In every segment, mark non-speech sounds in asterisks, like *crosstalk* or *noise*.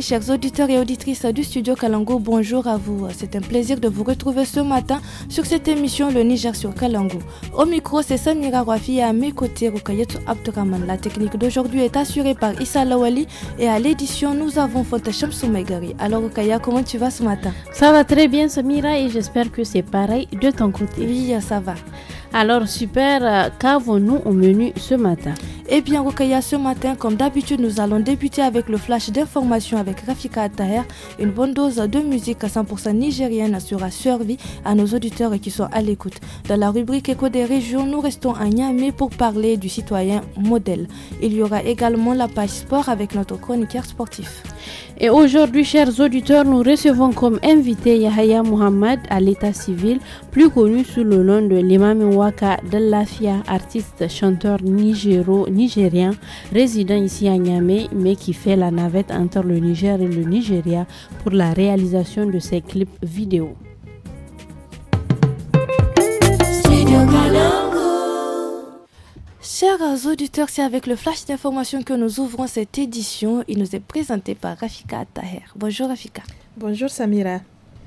chers auditeurs et auditrices du studio Kalango, bonjour à vous. C'est un plaisir de vous retrouver ce matin sur cette émission Le Niger sur Kalango. Au micro, c'est Samira Rafi et à mes côtés, Rukayetu Abdurrahman. La technique d'aujourd'hui est assurée par Issa Lawali et à l'édition, nous avons Fontacham Soumegari. Alors, Rukaya, comment tu vas ce matin Ça va très bien, Samira, et j'espère que c'est pareil de ton côté. Oui, ça va. Alors super, euh, qu'avons-nous au menu ce matin Eh bien Rokaya, ce matin, comme d'habitude, nous allons débuter avec le flash d'information avec Rafika Attaher. Une bonne dose de musique à 100% nigérienne assurera survie à nos auditeurs qui sont à l'écoute. Dans la rubrique Écho des régions, nous restons à Niamey pour parler du citoyen modèle. Il y aura également la page sport avec notre chroniqueur sportif. Et aujourd'hui, chers auditeurs, nous recevons comme invité Yahya Muhammad à l'état civil, plus connu sous le nom de l'imam Waka Dallafia, artiste chanteur nigéro, nigérien, résident ici à Niamey, mais qui fait la navette entre le Niger et le Nigeria pour la réalisation de ses clips vidéo. Chers auditeurs, c'est avec le flash d'information que nous ouvrons cette édition. Il nous est présenté par Rafika Taher. Bonjour Rafika. Bonjour Samira.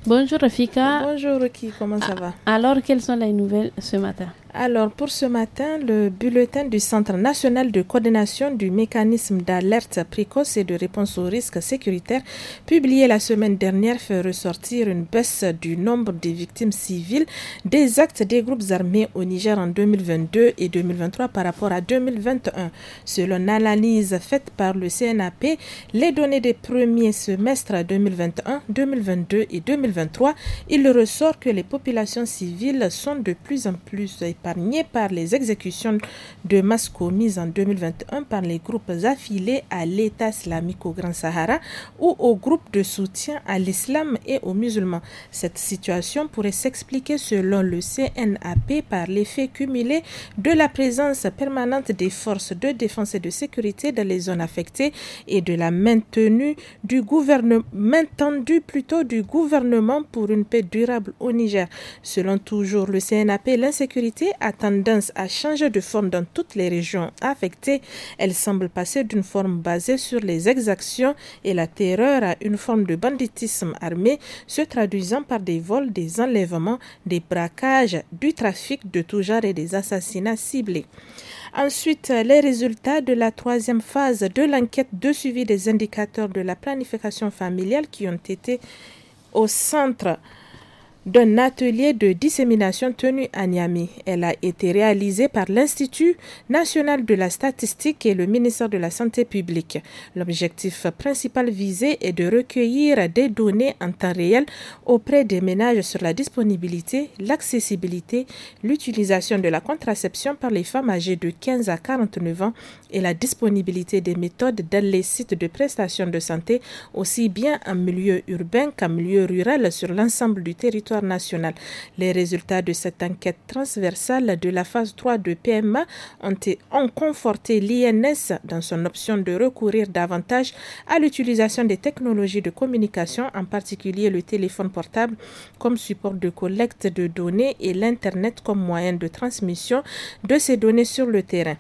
Bonjour Rafika. Bonjour Rocky, comment ça ah, va Alors, quelles sont les nouvelles ce matin alors pour ce matin, le bulletin du Centre national de coordination du mécanisme d'alerte précoce et de réponse aux risques sécuritaires, publié la semaine dernière, fait ressortir une baisse du nombre des victimes civiles des actes des groupes armés au Niger en 2022 et 2023 par rapport à 2021. Selon l'analyse faite par le CNAP, les données des premiers semestres 2021, 2022 et 2023, il ressort que les populations civiles sont de plus en plus par les exécutions de masse commises en 2021 par les groupes affiliés à l'État islamique au Grand Sahara ou aux groupes de soutien à l'islam et aux musulmans. Cette situation pourrait s'expliquer selon le CNAP par l'effet cumulé de la présence permanente des forces de défense et de sécurité dans les zones affectées et de la maintenue du gouvernement, maintenue plutôt du gouvernement pour une paix durable au Niger. Selon toujours le CNAP, l'insécurité a tendance à changer de forme dans toutes les régions affectées. Elle semble passer d'une forme basée sur les exactions et la terreur à une forme de banditisme armé, se traduisant par des vols, des enlèvements, des braquages, du trafic de tout genre et des assassinats ciblés. Ensuite, les résultats de la troisième phase de l'enquête de suivi des indicateurs de la planification familiale qui ont été au centre d'un atelier de dissémination tenu à Niamey. Elle a été réalisée par l'Institut national de la statistique et le ministère de la Santé publique. L'objectif principal visé est de recueillir des données en temps réel auprès des ménages sur la disponibilité, l'accessibilité, l'utilisation de la contraception par les femmes âgées de 15 à 49 ans et la disponibilité des méthodes dans les sites de prestations de santé, aussi bien en milieu urbain qu'en milieu rural sur l'ensemble du territoire les résultats de cette enquête transversale de la phase 3 de PMA ont, ont conforté l'INS dans son option de recourir davantage à l'utilisation des technologies de communication, en particulier le téléphone portable comme support de collecte de données et l'Internet comme moyen de transmission de ces données sur le terrain.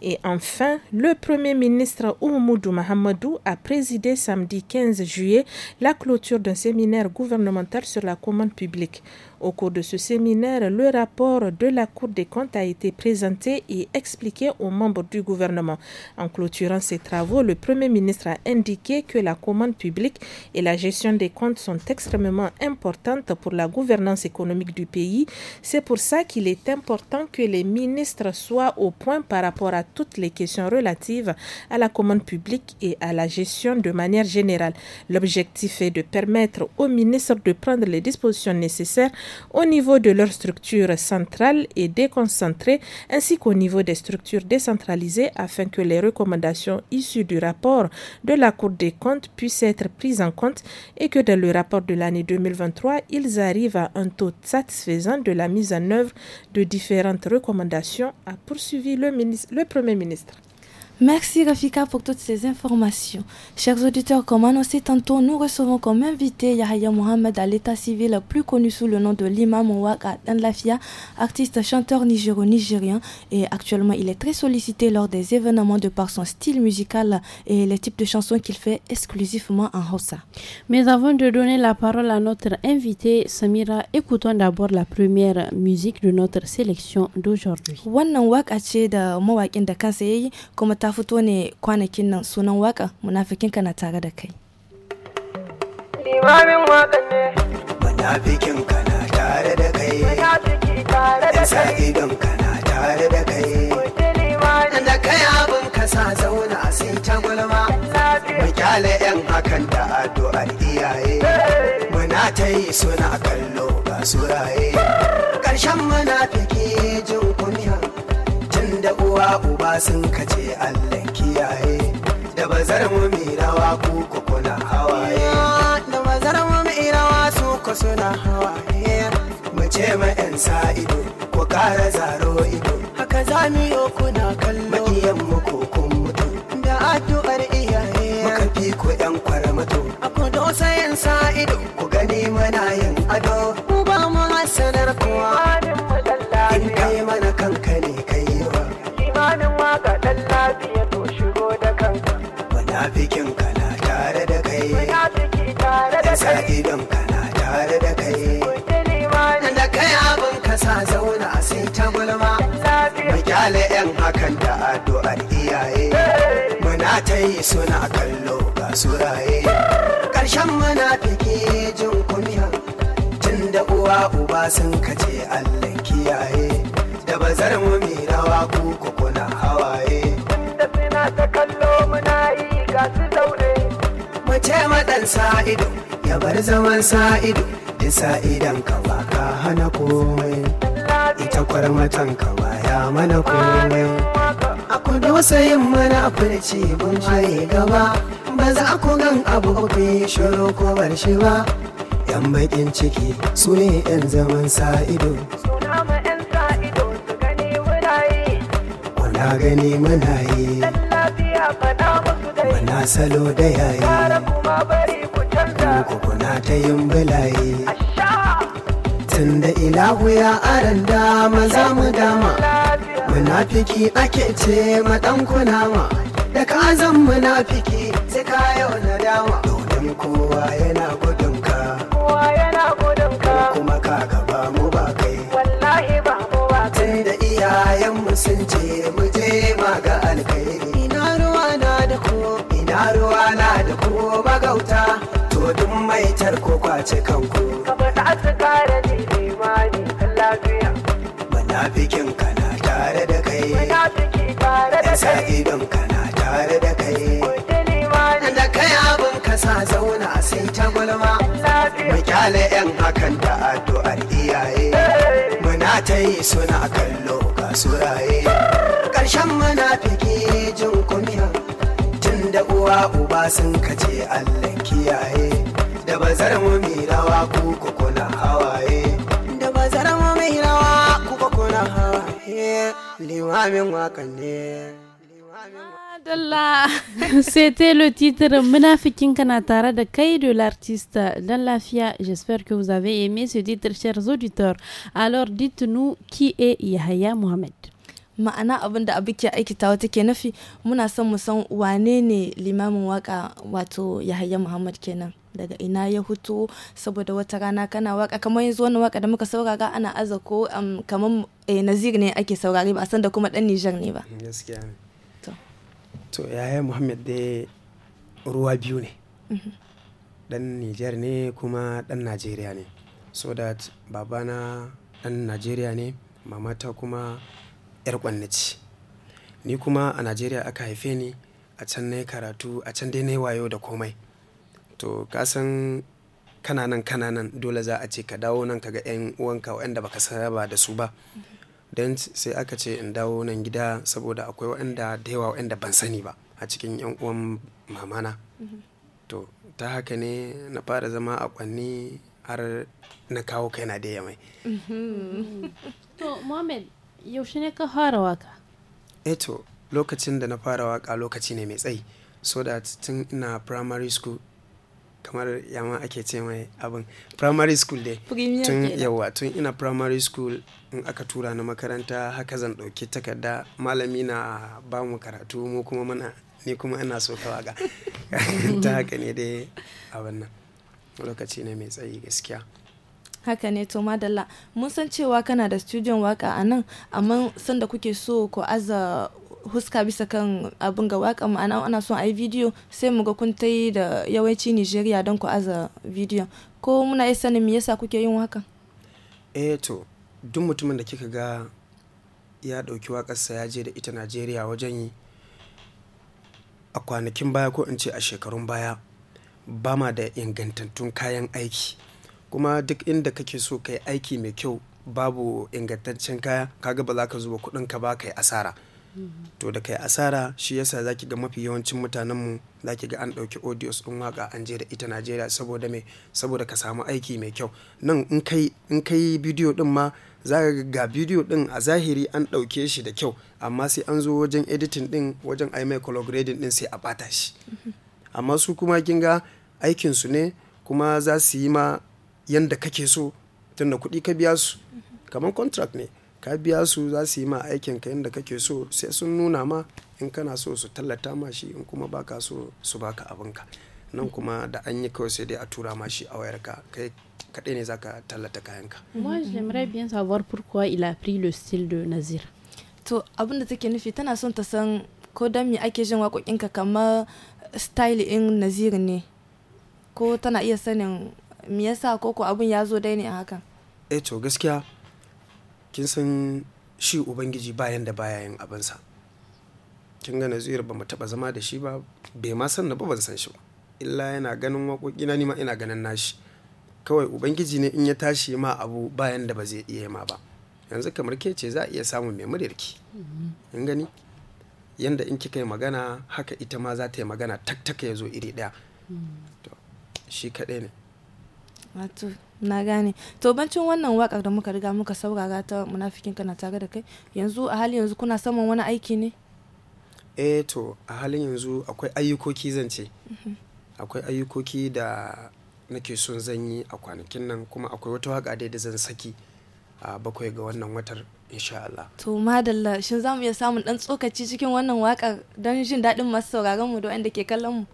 Et enfin, le Premier ministre Oumoudou Mahamadou a présidé samedi 15 juillet la clôture d'un séminaire gouvernemental sur la commande publique. Au cours de ce séminaire, le rapport de la Cour des comptes a été présenté et expliqué aux membres du gouvernement. En clôturant ses travaux, le Premier ministre a indiqué que la commande publique et la gestion des comptes sont extrêmement importantes pour la gouvernance économique du pays. C'est pour ça qu'il est important que les ministres soient au point par rapport à toutes les questions relatives à la commande publique et à la gestion de manière générale. L'objectif est de permettre aux ministres de prendre les dispositions nécessaires au niveau de leurs structures centrales et déconcentrées, ainsi qu'au niveau des structures décentralisées, afin que les recommandations issues du rapport de la Cour des comptes puissent être prises en compte et que dans le rapport de l'année 2023, ils arrivent à un taux satisfaisant de la mise en œuvre de différentes recommandations, a poursuivi le, le Premier ministre. Merci Rafika pour toutes ces informations. Chers auditeurs, comme annoncé tantôt, nous recevons comme invité Yahya Mohamed à l'état civil, plus connu sous le nom de l'imam Mouak Danlafia, artiste chanteur nigéro-nigérien et actuellement il est très sollicité lors des événements de par son style musical et les types de chansons qu'il fait exclusivement en Hausa. Mais avant de donner la parole à notre invité Samira, écoutons d'abord la première musique de notre sélection d'aujourd'hui. ta fito ne kwanakin nan sunan waka munafikin ka na tare da kai. Limamin waka ne. Munafikin ka na tare da kai. Munafiki tare da kai. idon ka na tare da kai. Da kai abin ka sa zauna sai ta gulma. Mu kyale yan hakan da addu'ar iyaye. Muna ta yi suna kallo ba suraye. Ƙarshen munafiki da uwa uba sun kace Allah kiyaye da bazar mu mi rawa ku kuna hawaye da bazar mu mi rawa su ku suna hawaye mu ce ma yan sa ido ku kara zaro ido haka za mu yi kuna kallo makiyan mu ko kun mutu da addu'ar iyaye muka fi ku yan kwarmato a ku yan sa ido ku gani mana yin ado mu ba mu hasanar kuwa munafikin kana tare da kai da sa idon kana tare da kai da kai abin ka sa zauna sai ta gulma mu yan hakan da addu'ar iyaye muna ta yi suna kallo ga suraye karshen munafiki jin kunya tun da uwa uba sun kace allah kiyaye da bazar mu mai rawa ku kuna ya maɗan sa'ido ya bar zaman sa'ido da sa'idan ka ba ka hana komai ita kwarmatan ka ba ya mana komai a kudu sayin mana mun haye gaba ba za ku gan abu ku yi shiru ko bar shi ba yan bakin ciki su ne yan zaman sa'ido Kuna gani muna yi, muna salo da yayi. bari ku canza ku kuna ta yin bulaye tunda ilahu ya aranda maza mu dama munafiki ake ce madan kunama da kazan munafiki sai ka yau na dama domin kowa yana gudun ka kowa yana gudun ka kuma ka gaba mu ba kai wallahi ba mu ba kai tunda iyayen mu sun ce mu je ma ga alƙa bagauta to duk mai tarko kwace kanku ka faɗa kare ne imani kan lafiya munafikin kana tare da kai munafiki tare da kai idan kana tare da kai da kai abin ka sa zauna sai ta gulma mu kyale yan hakan da addu'ar iyaye muna ta yi suna kallo ka suraye ƙarshen munafiki *laughs* C'était le titre Menafikin Kanatara de Kai de l'artiste Dallafia. J'espère que vous avez aimé ce titre, chers auditeurs. Alors dites-nous qui est Yahya Mohamed. ma'ana abin da abu ke aikitawa take nafi muna son mu san wane ne limamin waka wato yahaya muhammad kenan daga ina ya hutu saboda wata rana kana waka kamar yanzu wannan waka da muka saurara ana aza ko um, kamar eh, nazir ne ake saurari ba san da kuma dan nijar ne ba to to yahaya muhammad dai ruwa biyu ne dan mhm. nijar ne kuma dan najeriya ne so that babana dan najeriya ne mamata kuma 'yar ƙwanna Ni kuma a Najeriya aka haife ni, a can na yi karatu, a can dai na yi wayo da komai. To ka san kananan nan dole za a ce ka dawo nan ka ga 'yan uwanka waɗanda ba ka saba da su ba. Don sai aka ce in dawo nan gida saboda akwai waɗanda da yawa waɗanda ban sani ba a cikin 'yan uwan mamana. To ta haka ne na fara zama a kwanni har na kawo kaina dai Yamai. *laughs* To mohamed yaushe ne ka fara waka eto eh lokacin da na fara waka lokaci ne mai tsayi so that tun ina primary school kamar yama ake ce mai abin primary school dai tun yawa tun ina primary school in aka tura na makaranta haka zan ɗauki takarda malami na ba mu karatu mu kuma mana ni kuma ina so ka waka *laughs* ta haka ne dai abin nan lokaci ne mai tsayi gaskiya haka ne to madalla mun san cewa kana da studion waka a nan amma sanda kuke so ku aza huska bisa kan abin ga waka ma'ana ana son a yi bidiyo sai mu ga kun ta yi da yawanci nigeria don ku aza video ko muna yi sanin me yasa kuke yin waka. eh to duk mutumin da kika ga ya ɗauki wakarsa ya je da ita najeriya wajen yi a kwanakin baya ko in ce a shekarun baya ba ma da ingantattun kayan aiki kuma duk inda kake so ka yi aiki mai kyau babu ingantaccen kaya kaga ba za ka zuba kuɗin ka ba ka yi asara to da ka yi asara shi yasa zaki ga mafi yawancin mutanenmu ki ga an ɗauki audios in waka an je da ita najeriya saboda mai saboda ka samu aiki mai kyau nan in kai in bidiyo din ma za ka ga bidiyo din a zahiri an ɗauke shi da kyau amma sai an zo wajen editing din wajen ai mai color grading ɗin sai a bata shi amma su kuma kin ga aikin su ne kuma za su yi ma yanda kake so tunda kuɗi ka biya su kamar contract ne ka biya su za su yi ma aikin ka yanda kake so sai sun nuna ma in kana so su tallata ma shi in kuma baka so su baka abinka nan kuma da an yi kawai sai dai a tura ma shi a wayarka kai kaɗai ne zaka tallata kayanka. Moi j'aimerais bien savoir pourquoi il a pris le style de Nazir. To abinda take nufi tana son ta san ko dan me ake jin ka kamar style in Nazir ne ko tana iya sanin me yasa koko abin ya zo dai ne a hakan eh to gaskiya kin san shi ubangiji bayan da baya yin abinsa kin ga nazir ba mu taba zama da shi ba bai ma san na ba ban san shi ba illa yana ganin waƙoƙi na nima ina ganin nashi kawai ubangiji ne in ya tashi ma abu bayan da ba zai iya ma ba yanzu kamar ke ce za a iya samun mai muryarki in gani yanda in kika yi magana haka ita ma za ta yi magana taktaka ya zo iri ɗaya shi kaɗai ne wato na gane to bancin wannan wakar da muka riga muka saurara ta munafikin kana tare da kai yanzu a halin yanzu kuna saman wani aiki ne eh to a halin yanzu akwai ayyukoki zan ce mhm. akwai ayyukoki da nake son zan yi a kwanakin nan kuma akwai wata waka dai da zan saki a bakwai ga wannan watar insha Allah to madalla shin zamu iya samun dan tsokaci cikin wannan wakar don jin daɗin masu sauraron mu da wanda ke kallon mu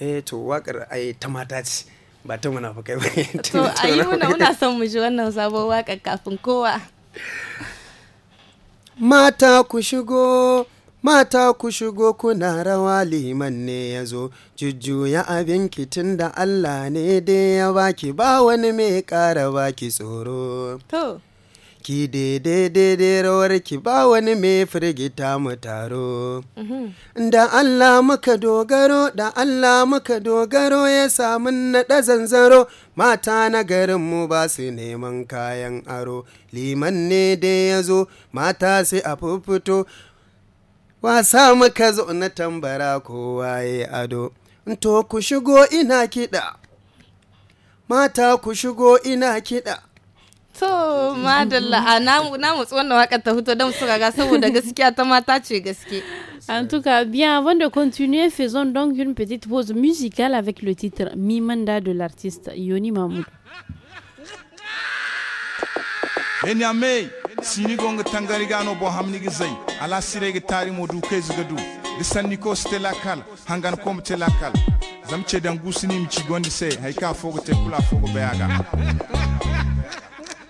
eh to wakar ai ta mata ce ba ta munafukai ba *laughs* to ayi *laughs* muna *laughs* muna son mu ji wannan sabuwar waka kafin kowa mata ku shigo mata ku shigo kuna rawa liman ne ya zo jujjuya abin kitin da allah ne dai ya baki ba wani mai kara baki tsoro to Ki daidai rawar ki ba wani mai firgita mu taro. Mhm. Da Allah muka dogaro, da Allah muka dogaro ya samu naɗa zanzaro, mata na garinmu ba su neman kayan aro. Liman ne dai ya zo, mata sai a fito. Wasa muka zo na tambara kowa ya ado. To ku shigo ina kiɗa, mata ku shigo ina kiɗa. to madalla a ah, na mutsu wannan wakar ta fito don su raga saboda gaskiya ta mata ce gaske En tout cas, bien avant de continuer, faisons donc une petite pause musicale avec le titre manda de l'artiste Yoni Mahmoud. Enyame, sini gonga tangari gano bo hamni gizai, ala sire gitari mo duke zgadu, lisani ko stela kal, hangan kom tela kal, zamche dangu sini mchigondi se, haika fogo te kula fogo beaga.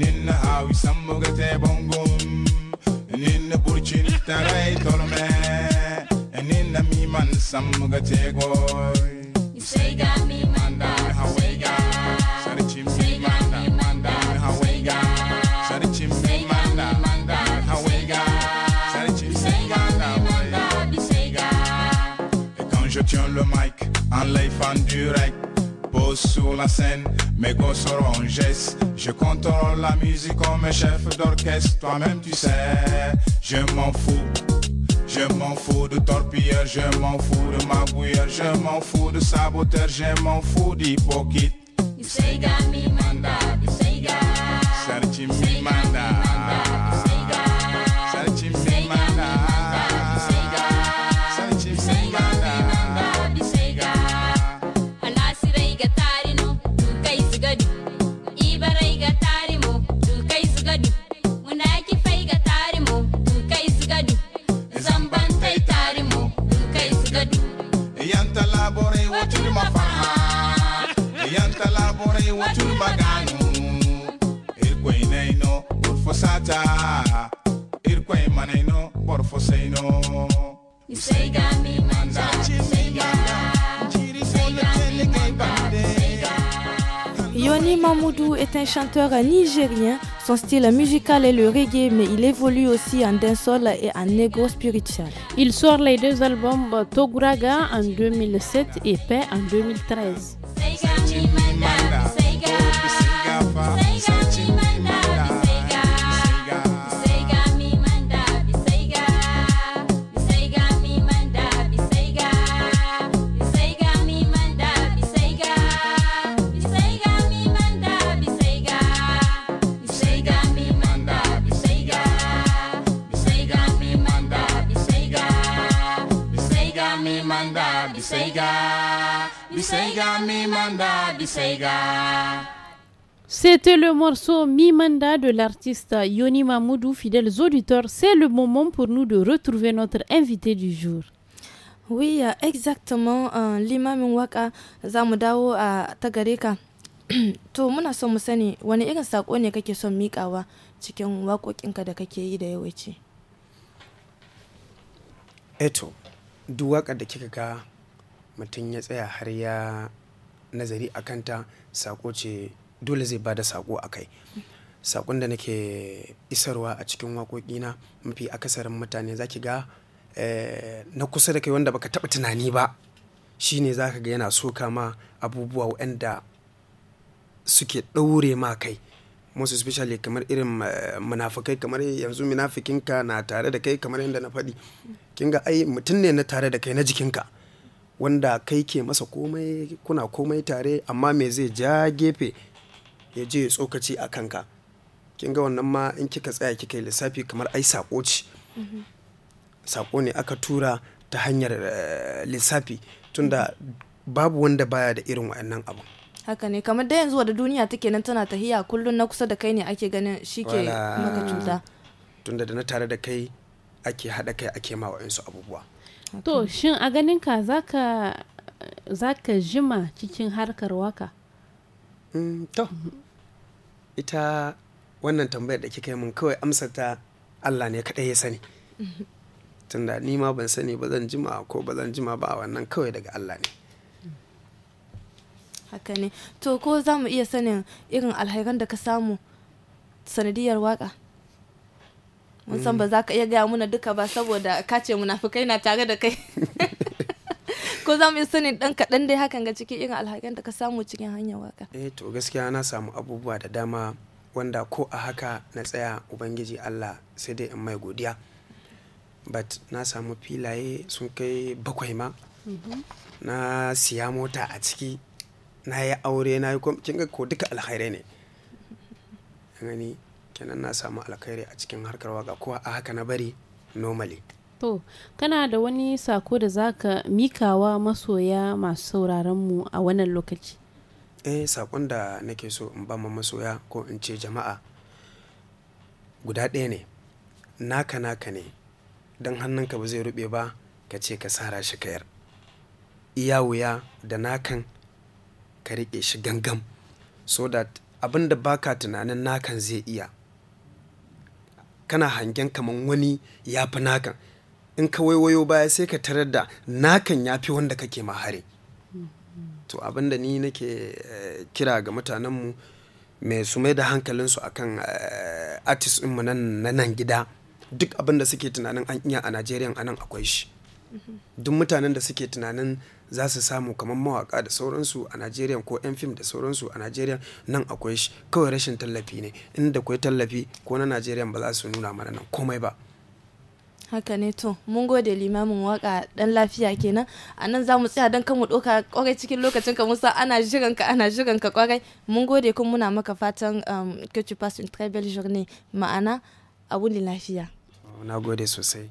ninna hawi sammugate bongum ninna burcin taray tolme ninna miman sammugate goy Sega mi manda hawega Sarchim mi manda manda hawega Sarchim mi manda manda hawega Sarchim mi manda manda bisega Et quand je tiens le mic en live en direct sur la scène, mes gosses seront en geste. Je contrôle la musique comme un chef d'orchestre, toi-même tu sais, je m'en fous. Je m'en fous de torpilleur, je m'en fous de mabouilleur je m'en fous de saboteur, je m'en fous d'hypocrite. Yoni Mamoudou est un chanteur nigérien. Son style musical est le reggae, mais il évolue aussi en dancehall et en negro spiritual. Il sort les deux albums Toguraga en 2007 et Paix en 2013. C'était le morceau Mimanda de l'artiste Yoni Mamoudou. Fidèles auditeurs, c'est le moment pour nous de retrouver notre invité du jour. Oui, euh, exactement. Euh, l'imam waka za mu dawo a euh, tagareka. *clears throat* To muna de mu sani wani irin sako ne kake son mikawa cikin waƙoƙinka da kake yi da yawanci. Eto, eh duk waƙar da kika ga mutum ya tsaya har ya nazari a kanta sako ce dole zai bada sako a kai sakon da nake isarwa a cikin waƙoƙina mafi akasarin mutane za ga eh, na kusa da kai wanda baka taɓa tunani ba shine za ga yana soka ma abubuwa waanda suke ɗaure ma kai most especially kamar irin eh, munafukai kamar yanzu munafikinka na tare da kai kamar yadda na faɗi kinga ai mutum ne na tare da kai na jikinka wanda kai ke masa komai kuna komai tare amma me zai ja gefe ya je ya tsokaci a kanka kin ga wannan ma in kika tsaya kika yi lissafi kamar ai sako ce sako ne aka tura ta hanyar eh, lissafi tunda babu wanda baya da irin wa'annan abu haka ne kamar da yanzu wadda duniya take nan tana tahiya kullum na kusa da kai ne ake ganin shi ke maka cuta tunda da na tare da kai ake haɗa kai ake ma wa'ansu abubuwa to shin a ganin ka za ka jima cikin harkar waka mm, to ita wannan tambayar da kika yi mun kawai amsata ta Allah ne kaɗai ya sani tunda ni ma ban sani ba zan jima ko ba zan jima ba wannan kawai daga Allah ne haka ne to ko za mu iya sanin irin alhairan da ka samu sanadiyar waka mun san ba za ka iya gaya muna duka ba saboda kace munafukai na tare da kai *laughs* ko za mu yi dan kaɗan dai hakan ga cikin irin alhakin da ka samu cikin hanyar waka eh to gaskiya na samu abubuwa da dama wanda ko a haka na tsaya ubangiji allah sai dai in mai godiya but na samu filaye sun kai bakwai ma mm-hmm. na siya mota a ciki na yi aure na yi kin ga ko duka alhairai ne *laughs* kenan na samu alkhairi a cikin harkar waka ko a haka na bari normally to kana da wani sako da zaka mikawa masoya masu sauraron mu a wannan lokaci eh sakon da nake so in ba ma masoya ko in ce jama'a guda ɗaya ne naka naka ne don hannunka ba zai rube ba ka ce ka sara shi kayar iya wuya da nakan ka riƙe shi gangam so that abin da baka tunanin nakan zai iya kana hangen kaman wani ya fi nakan in ka waiwayo baya sai ka tarar da nakan ya fi wanda kake ma to abin ni nake eh, kira ga mutanenmu mai su mai da hankalinsu akan eh, artist mu na nan gida duk abin suke tunanin an iya a nigeria a nan akwai shi mm-hmm. duk mutanen da suke tunanin za su samu kamar mawaka da sauransu a Najeriya ko 'yan fim da sauransu a Najeriya nan akwai shi kawai rashin tallafi ne inda akwai tallafi ko na Najeriya ba za su nuna mana nan komai ba. haka ne to mun gode limamin waka dan lafiya kenan a nan za mu tsaya don kan mu ɗauka kwarai cikin lokacin ka musa ana shirin ka ana shirin ka kwarai mun gode kun muna maka fatan um, que tu tribal journey ma'ana abu lafiya na gode sosai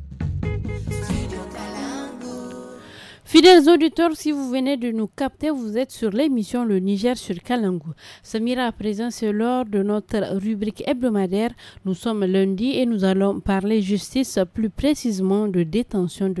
Fidèles auditeurs, si vous venez de nous capter, vous êtes sur l'émission Le Niger sur Kalangou. Samira, à présent, c'est lors de notre rubrique hebdomadaire. Nous sommes lundi et nous allons parler justice, plus précisément de détention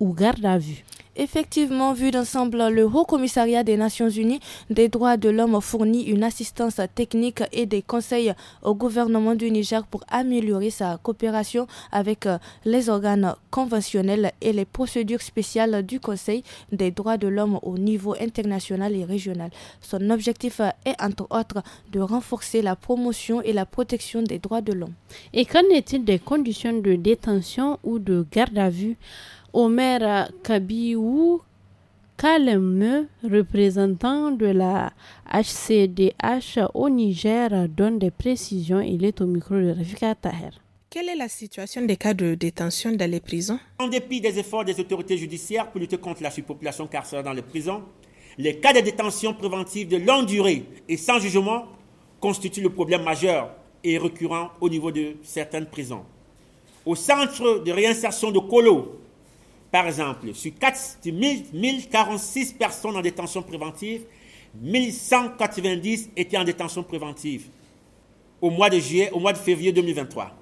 ou garde à vue. Effectivement, vu d'ensemble, le Haut Commissariat des Nations Unies des droits de l'homme fournit une assistance technique et des conseils au gouvernement du Niger pour améliorer sa coopération avec euh, les organes conventionnels et les procédures spéciales du Conseil des droits de l'homme au niveau international et régional. Son objectif est entre autres de renforcer la promotion et la protection des droits de l'homme. Et qu'en est-il des conditions de détention ou de garde à vue Omer Kabiou Kaleme, représentant de la HCDH au Niger, donne des précisions. Il est au micro de Rafika Taher. Quelle est la situation des cas de détention dans les prisons En dépit des efforts des autorités judiciaires pour lutter contre la surpopulation carcérale dans les prisons, les cas de détention préventive de longue durée et sans jugement constituent le problème majeur et récurrent au niveau de certaines prisons. Au centre de réinsertion de Colo, par exemple, sur 1046 personnes en détention préventive, 1190 étaient en détention préventive au mois de juillet, au mois de février 2023.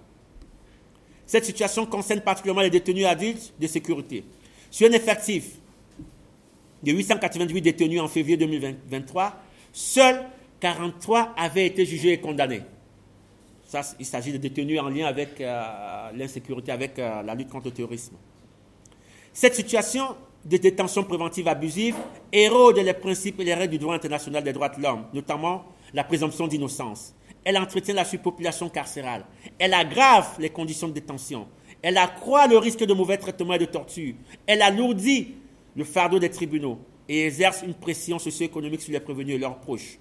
Cette situation concerne particulièrement les détenus adultes de sécurité. Sur un effectif de 888 détenus en février 2023, seuls 43 avaient été jugés et condamnés. Ça, il s'agit de détenus en lien avec euh, l'insécurité, avec euh, la lutte contre le terrorisme. Cette situation de détention préventive abusive érode les principes et les règles du droit international des droits de l'homme, notamment la présomption d'innocence. Elle entretient la surpopulation carcérale. Elle aggrave les conditions de détention. Elle accroît le risque de mauvais traitements et de torture. Elle alourdit le fardeau des tribunaux et exerce une pression socio-économique sur les prévenus et leurs proches.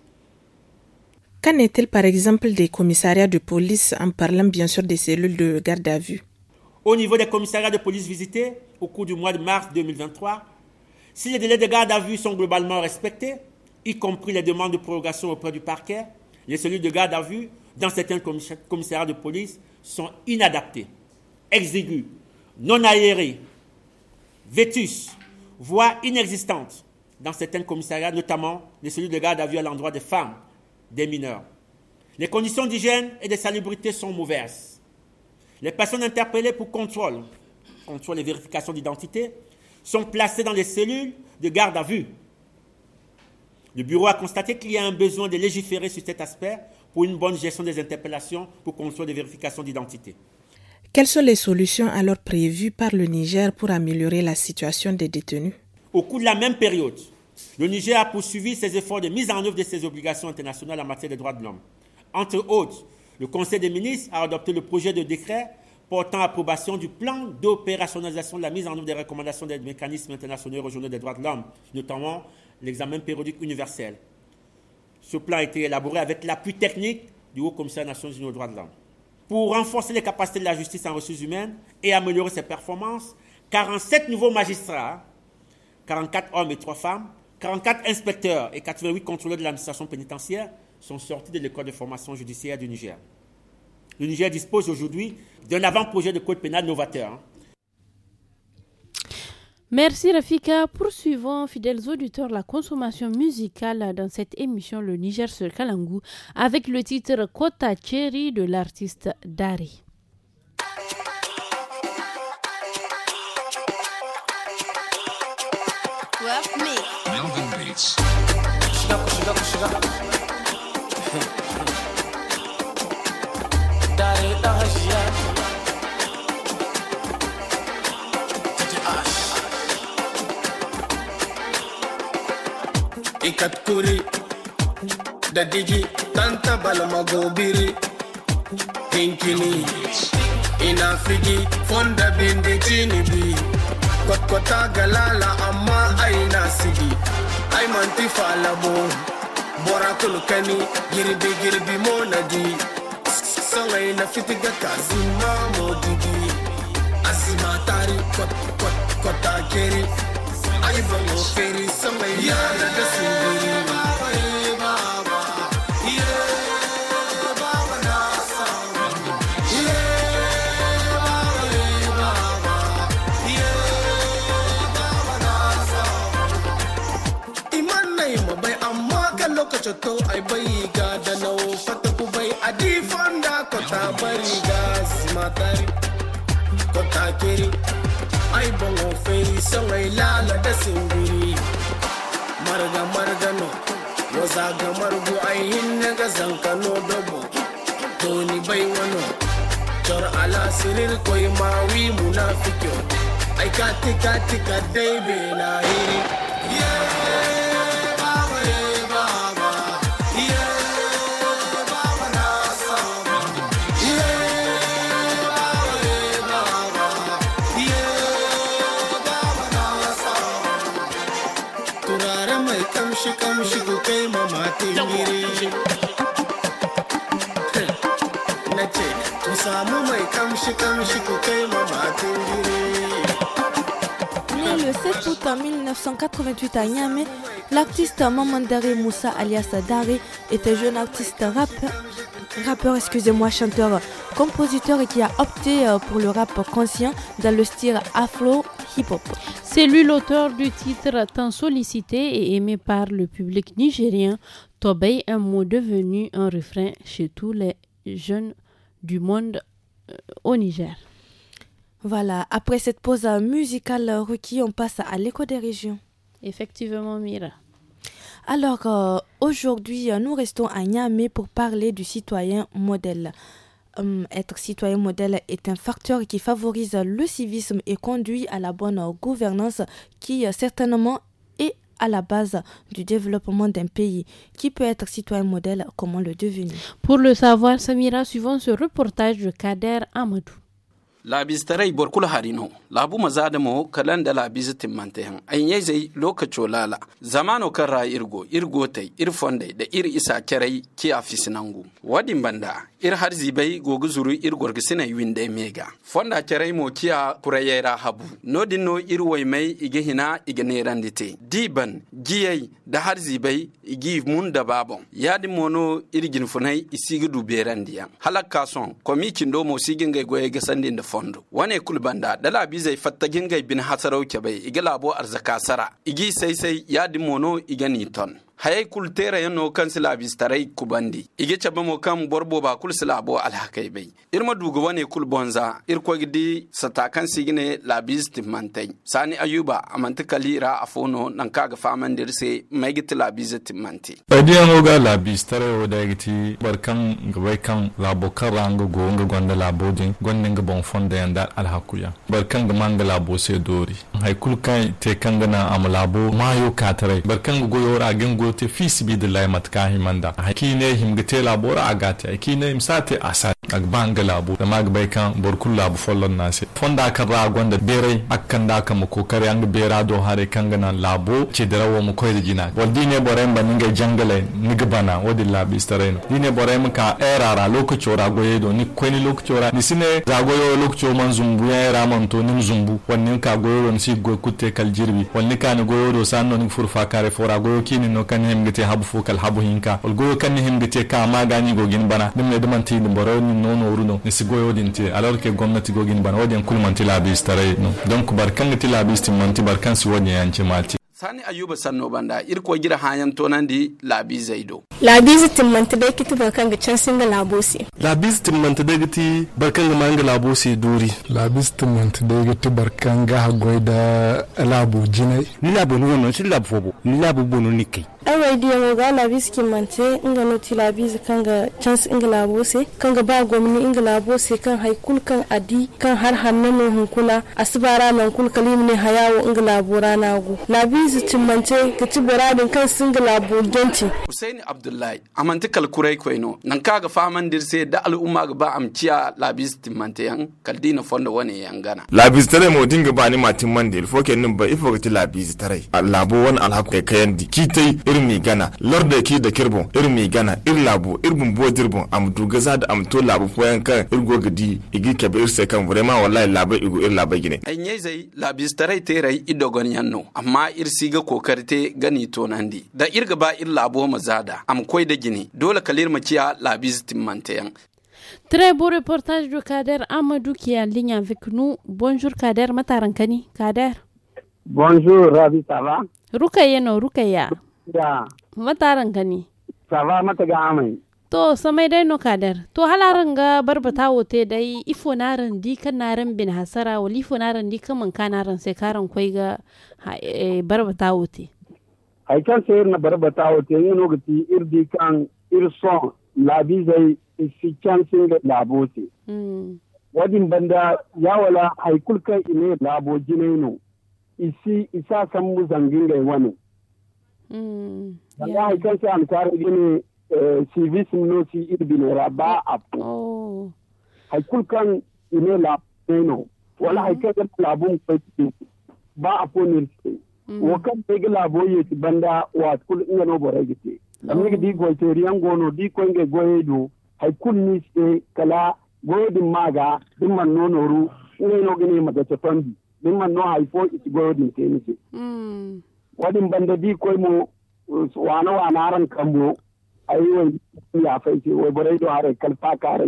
Qu'en est-il par exemple des commissariats de police en parlant bien sûr des cellules de garde à vue au niveau des commissariats de police visités au cours du mois de mars 2023, si les délais de garde à vue sont globalement respectés, y compris les demandes de prorogation auprès du parquet, les cellules de garde à vue dans certains commissariats de police sont inadaptées, exiguës, non aérées, vétus, voire inexistantes dans certains commissariats, notamment les cellules de garde à vue à l'endroit des femmes, des mineurs. Les conditions d'hygiène et de salubrité sont mauvaises les personnes interpellées pour contrôle, contrôle et vérification d'identité, sont placées dans les cellules de garde à vue. Le bureau a constaté qu'il y a un besoin de légiférer sur cet aspect pour une bonne gestion des interpellations pour contrôle des vérifications d'identité. Quelles sont les solutions alors prévues par le Niger pour améliorer la situation des détenus Au cours de la même période, le Niger a poursuivi ses efforts de mise en œuvre de ses obligations internationales en matière de droits de l'homme. Entre autres, le Conseil des ministres a adopté le projet de décret portant approbation du plan d'opérationnalisation de la mise en œuvre des recommandations des mécanismes internationaux régionaux des droits de l'homme, notamment l'examen périodique universel. Ce plan a été élaboré avec l'appui technique du Haut Commissaire des Nations Unies aux droits de l'homme. Pour renforcer les capacités de la justice en ressources humaines et améliorer ses performances, 47 nouveaux magistrats, 44 hommes et 3 femmes, 44 inspecteurs et 88 contrôleurs de l'administration pénitentiaire sont sortis de l'école de formation judiciaire du Niger. Le Niger dispose aujourd'hui d'un avant-projet de code pénal novateur. Hein. Merci Rafika. Poursuivons, fidèles auditeurs, la consommation musicale dans cette émission Le Niger sur Kalangu avec le titre Kota Cherry de l'artiste Dari. katkuri da digi tanta balama gobiri tinkini ina figi fonda bindi bi, kwakwata galala ama aina sigi ai manti falabo Bora kolokani giribi giribi monadi, nadi sanga in na fitiga kazima modidi asima tari kɔta keri ayi bango feere sanga in na lokacin ai bai ga da nau fata ku bai a difan da kota bari ga simatari kota kiri ai bango feri sanwai lala da singiri marga marga no waza ga margo ai hinna ga zankano dobo toni bai wano jar ala sirir koi mawi munafikin ai katika tika dai be na hiri Né le 7 août 1988 à Niamey, l'artiste Mamandare Moussa alias Dare est un jeune artiste rappeur, rappeur excusez-moi, chanteur, compositeur et qui a opté euh, pour le rap conscient dans le style afro hip-hop. C'est lui l'auteur du titre tant sollicité et aimé par le public nigérien, Tobey, un mot devenu un refrain chez tous les jeunes du monde euh, au Niger. Voilà, après cette pause musicale, Ruki, on passe à l'écho des régions. Effectivement, Mira. Alors, euh, aujourd'hui, euh, nous restons à Niamey pour parler du citoyen modèle. Hum, être citoyen modèle est un facteur qui favorise le civisme et conduit à la bonne gouvernance qui certainement est à la base du développement d'un pays. Qui peut être citoyen modèle Comment le devenir Pour le savoir, Samira, suivant ce reportage de Kader Amadou. labistarei borkul harino labu mazadamo kalanda timmante han an zai lokaco lala zamano kan ra irgo irgo tai ir fondai da ir isa kerai ki nangu wadin banda ir har zibai gogu zuru ir gorgisina winde mega fonda kerai mo kiya kurayera habu nodin no ir waimai ige hina ige randite diban giyai da har zibai igi mun da babon yadi mono irgin funai isigi duberandiyan halakka son komi kindo mo sigin ga goye ga sandin da fondo wane kulbanda dala bi zai fatta gai bin hasarau ke bai igi labo arzaka sara igi sai sai ya dimono igani ton hayai kultera yano kan sila bistarai kubandi ige chaba mo kan borbo ba kul silabo alhakai bai irma dugu wane kul bonza kwa gidi sata kan sigine bisti timmantai sani ayuba amanti kalira afono nan kaga faman dirse mai giti labis timmanti badiyan oga labis tare wada giti barkan gabai kan labo nga gonga gonda labo din gonda nga bon fonda yanda alhakuya barkan ga manga labo sai dori kul kan te kan gana am labo mayo katare barkan go yora ragin lote fi sibi de la imat ka himanda kine him gitela bora agate kine imsate asate ag banga labu da mag bai kan borkul labu follon nase fonda ka ra gonda bere akkan da kan mu kare an bera do hare kan gana labu ce da rawo mu koyi da jina wal dine bore ba ninga jangale niga bana wadi labu istareno dine bore mu era ra lokaci ra goye do ni koyi lokaci ra ni sine za goyo lokaci man zumbu ya era man to nim zumbu wannan ka goyo don si go kutte kal jirbi wal ka ni goyo do sanno ni furfa kare fora goyo kini no kan hemgite habu fokal habu hinka wal goyo kan hemgite ka ma gani gogin bana dimne dimanti dimboro ni nono wuruno ni si goyo din te alors que gwamnati gogin bana wajen kulman ti labis tare no donc barkan ti labis ti man ti barkan si wajen yanci mati sani ayuba sanno banda irko gira hanyan tonan di labi zaido labi zitin manta dai kiti barkan ga can singa labosi labi zitin manta dai kiti barkan ga manga labosi duri labi zitin manta dai kiti barkan ga hagoi da labo jinai ni labo ni wannan shi labo fobo ni labo bono ni kai awai dia mo ga la ki mante inga no ti la kanga chance inga labose kanga ba gomni inga labose bose kan haikul kan adi kan har hanne mo hunkula asibara nan kul kalim ne hayawo inga labora bora na gu la bis ti mante ka ti boradin kan singa labo bo genti Husaini Abdullahi amanti kalkurai ino nan kaga faman dirse da al'umma ga ba amciya la bis ti mante yan kaldina fondo wani yan gana la tare mo dinga ba ni matin fo foken nin ba ifo ga ti la tare labo wani alhaku kayan di irin mi gana lorda ki da kirbon irin mi gana ir labu ir bumbo dirbon am gaza da am to labo foyan kan ir gogidi igi kebe ir se kan vraiment wallahi labu igu ir labo gine an yai zai labistarai te rai idogon yanno amma ir siga te gani to di. da ir gaba ir labo mazada am koi da gini dole kalir makiya labistin mantayan Très beau reportage du Kader Amadou qui est en ligne avec nous. Bonjour Kader Matarankani. Kader. Bonjour Ravi, ça va? Rukaya no Rukaya. Ya. Mataran ka ne. Sava mata ga amai. To samai dai no kadar. To halaran ga barbata wote dai ifo naran di kan naran bin hasara wali ifo naran di kan manka naran sai karan kwai ga e, e, barbata wote. Ai kan sayar na barbata wote yin lokaci irdi kan irson labi zai isi can sun ga labote. Mm. Wadin banda wala haikul kan ine labo no isi isa san mu zangin gai wani. wallahi mm, kan sai an kare gini civis eh, no si irbine raba a oh. haikul kan ine la peno wala mm-hmm. haikul mm. kan labun kwaiti ba a apu nirse wakan tege labo yeti banda watkul inga no bore gite amma amni oh. di goite riyan gono di koinge goyedu haikul ni se kala din maga dimman no noru inga no da maga din man no haifo iti ni tenise wadin banda bi koy mo wana wana aran kambo ai wai ya fai ce wai bare do kal kalfa kare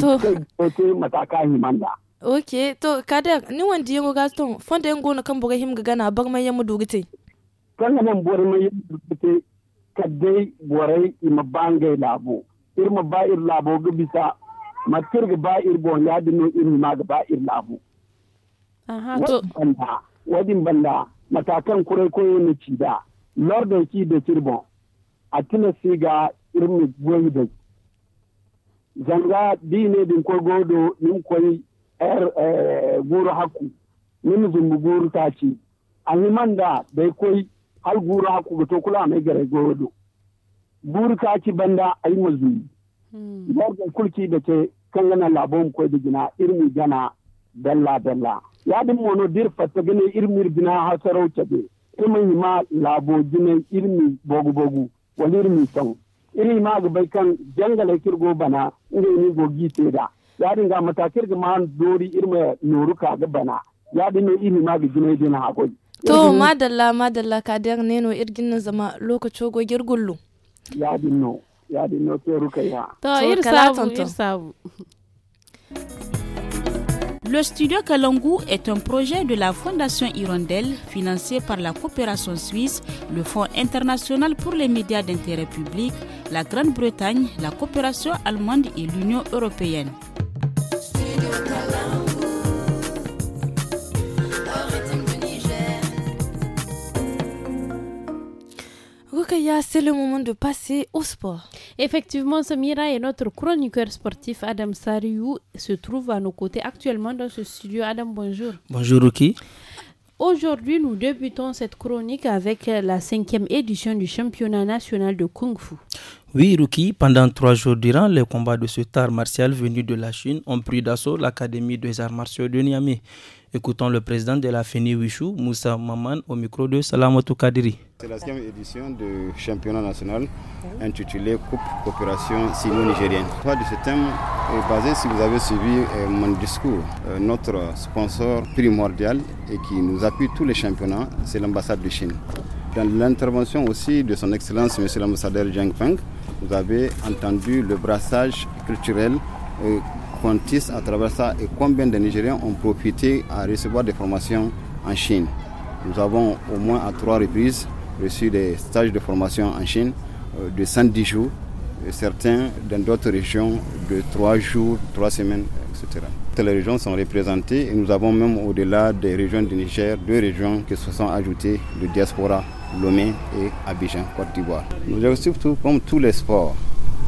to ko ce mataka manda ok to kada ni wanda yango gaston fonda yango na kan boga himga gana bar mai yamu dogite kan nan bor mai yamma dogite kadai bore ima bangai labo irma ba ir labo ga bisa matir ga ba ir bon ya dino irma ga ba ir labo aha to wadin banda matakan kurai koyo na cida da lordon ki da kirbon a tina siga irmi goyi da zanga ne din ko godo nin koyi er guru haku nin zumbu guru ta ci a da bai koyi har guru haku ga tokula kula mai gare godo guru ta ci banda ayi mazumi hmm. lordon kulki da ke kan gana labon koyi da gina irmi gana dalla dalla din mono dir fatta gane irmir bina hasarau sarauta be irma ma labo jine irmi bogu bogu wani irmi son iri ma ga bai kan jangala kirgo bana inda ni gogi gite da din ga matakir ga ma dori irma noruka ga bana din ne iri ma ga jine jina hakoi to madalla madalla kadiyar neno irgin na zama lokacin gogir ya din no din no sai ruka ya to ir sabu ir sabu Le studio Kalangu est un projet de la Fondation Hirondelle financé par la coopération suisse, le Fonds international pour les médias d'intérêt public, la Grande-Bretagne, la coopération allemande et l'Union européenne. Rukaya, c'est le moment de passer au sport. Effectivement, Samira et notre chroniqueur sportif Adam Sariou se trouvent à nos côtés actuellement dans ce studio. Adam, bonjour. Bonjour, Ruki. Aujourd'hui, nous débutons cette chronique avec la cinquième édition du championnat national de Kung Fu. Oui, Ruki, pendant trois jours durant, les combats de ce art martial venu de la Chine ont pris d'assaut l'Académie des arts martiaux de Niamey. Écoutons le président de la FENI Wichou, Moussa Maman, au micro de Salamatou Kadiri. C'est la deuxième édition du championnat national intitulé Coupe Coopération Sino-Nigérienne. de ce thème est basé, si vous avez suivi euh, mon discours, euh, notre sponsor primordial et qui nous appuie tous les championnats, c'est l'ambassade de Chine. Dans l'intervention aussi de son Excellence, M. l'ambassadeur Jiang Peng, vous avez entendu le brassage culturel euh, à travers ça et combien de Nigériens ont profité à recevoir des formations en Chine. Nous avons au moins à trois reprises reçu des stages de formation en Chine euh, de 110 jours, et certains dans d'autres régions de 3 jours, 3 semaines, etc. Toutes les régions sont représentées et nous avons même au-delà des régions du Niger, deux régions qui se sont ajoutées de diaspora, Lomé et Abidjan, Côte d'Ivoire. Nous avons surtout, comme tous les sports,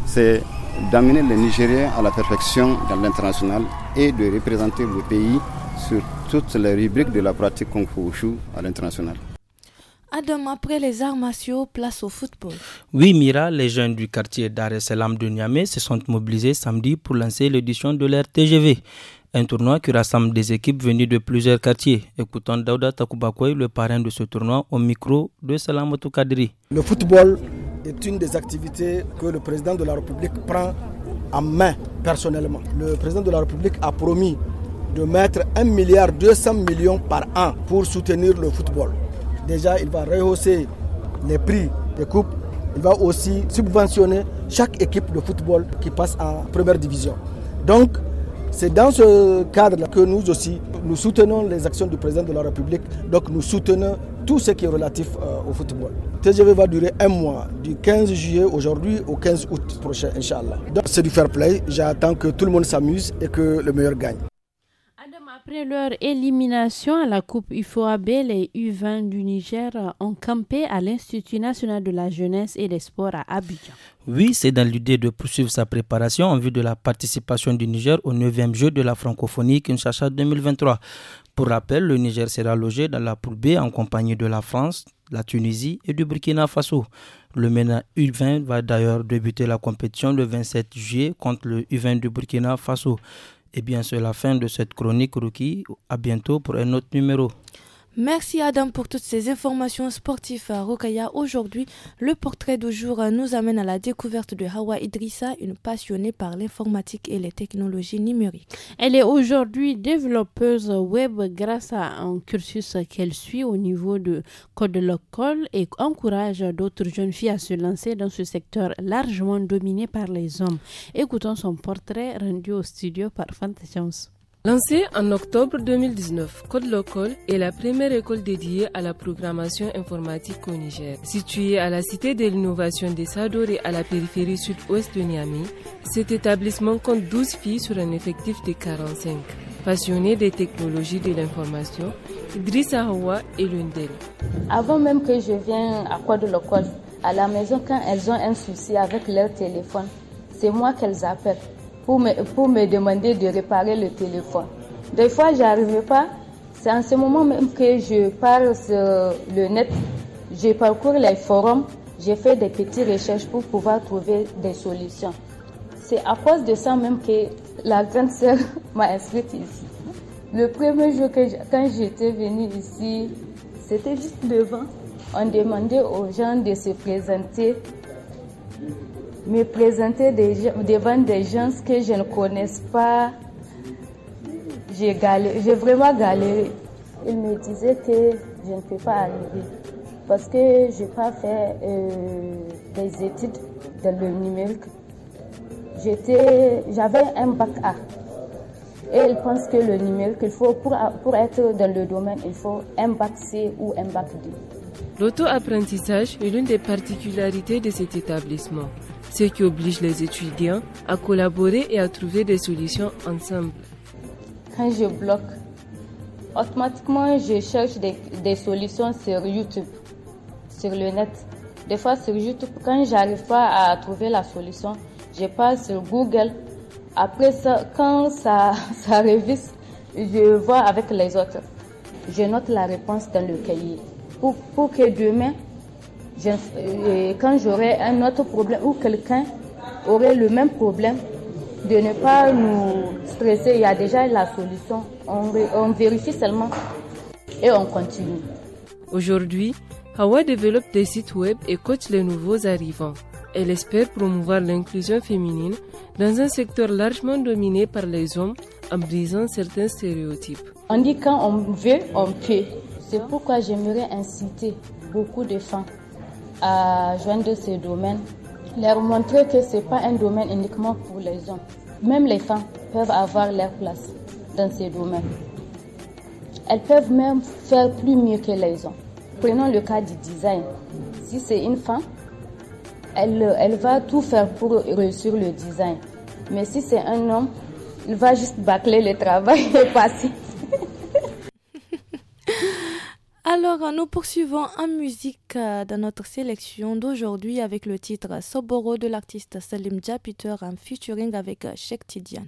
c'est d'amener les Nigériens à la perfection dans l'international et de représenter le pays sur toutes les rubriques de la pratique Kung Fu à l'international. Adam, après les arts martiaux, place au football. Oui, Mira, les jeunes du quartier Dar es de Niamey se sont mobilisés samedi pour lancer l'édition de l'RTGV, Un tournoi qui rassemble des équipes venues de plusieurs quartiers. Écoutons Daouda Takubakoy, le parrain de ce tournoi, au micro de Salamatou Kadri. Le football est une des activités que le président de la République prend en main personnellement. Le président de la République a promis de mettre 1 milliard 200 millions par an pour soutenir le football. Déjà, il va rehausser les prix des coupes. Il va aussi subventionner chaque équipe de football qui passe en première division. Donc, c'est dans ce cadre que nous aussi, nous soutenons les actions du président de la République. Donc, nous soutenons tout ce qui est relatif euh, au football. TGV va durer un mois, du 15 juillet aujourd'hui au 15 août prochain, Inch'Allah. Donc c'est du fair play, j'attends que tout le monde s'amuse et que le meilleur gagne. Adam, après leur élimination à la Coupe UFOAB, les U20 du Niger ont campé à l'Institut national de la jeunesse et des sports à Abidjan. Oui, c'est dans l'idée de poursuivre sa préparation en vue de la participation du Niger au 9e jeu de la francophonie Kinshasa 2023. Pour rappel, le Niger sera logé dans la poule B en compagnie de la France, la Tunisie et du Burkina Faso. Le MENA U20 va d'ailleurs débuter la compétition le 27 juillet contre le U20 du Burkina Faso. Et bien, c'est la fin de cette chronique, Rookie. À bientôt pour un autre numéro. Merci Adam pour toutes ces informations sportives à euh, Rokaya. Aujourd'hui, le portrait du jour euh, nous amène à la découverte de Hawa Idrissa, une passionnée par l'informatique et les technologies numériques. Elle est aujourd'hui développeuse web grâce à un cursus qu'elle suit au niveau de code local et encourage d'autres jeunes filles à se lancer dans ce secteur largement dominé par les hommes. Écoutons son portrait rendu au studio par Fantascience. Lancée en octobre 2019, Code Local est la première école dédiée à la programmation informatique au Niger. Située à la Cité de l'innovation des Sador et à la périphérie sud-ouest de Niamey, cet établissement compte 12 filles sur un effectif de 45. Passionné des technologies de l'information, Idrissa Hawa est l'une d'elles. Avant même que je vienne à Code Local, à la maison, quand elles ont un souci avec leur téléphone, c'est moi qu'elles appellent pour me, pour me demander de réparer le téléphone. Des fois, j'arrivais pas. C'est en ce moment même que je parle sur le net, je parcours les forums, j'ai fait des petites recherches pour pouvoir trouver des solutions. C'est à cause de ça même que la grande sœur *laughs* m'a inscrite ici. Le premier jour que quand j'étais venue ici, c'était juste devant. On demandait aux gens de se présenter me présenter devant des gens que je ne connais pas, j'ai j'ai vraiment galéré. Il me disait que je ne peux pas aller, parce que je n'ai pas fait euh, des études dans le numérique. j'avais un bac A. Et il pense que le numérique, il faut, pour, pour être dans le domaine, il faut un bac C ou un bac D. L'auto-apprentissage est l'une des particularités de cet établissement ce qui oblige les étudiants à collaborer et à trouver des solutions ensemble. Quand je bloque, automatiquement je cherche des, solutions sur YouTube, sur le net. Des fois sur YouTube, quand j'arrive pas à trouver la solution, je passe sur Google. Après ça, quand ça, *laughs* ça je vois avec les autres. Je note la réponse dans le cahier pour, pour que demain, quand j'aurai un autre problème ou quelqu'un aurait le même problème, de ne pas nous stresser. Il y a déjà la solution. On, on vérifie seulement et on continue. Aujourd'hui, Hawa développe des sites web et coach les nouveaux arrivants. Elle espère promouvoir l'inclusion féminine dans un secteur largement dominé par les hommes en brisant certains stéréotypes. On dit quand on veut, on peut. C'est pourquoi j'aimerais inciter beaucoup de femmes à joindre ces domaines, leur montrer que ce n'est pas un domaine uniquement pour les hommes. Même les femmes peuvent avoir leur place dans ces domaines. Elles peuvent même faire plus mieux que les hommes. Prenons le cas du design. Si c'est une femme, elle, elle va tout faire pour réussir le design. Mais si c'est un homme, il va juste bâcler le travail *laughs* et passer. Alors, nous poursuivons en musique euh, dans notre sélection d'aujourd'hui avec le titre Soboro de l'artiste Salim Japiter featuring avec Sheikh euh, Tidian.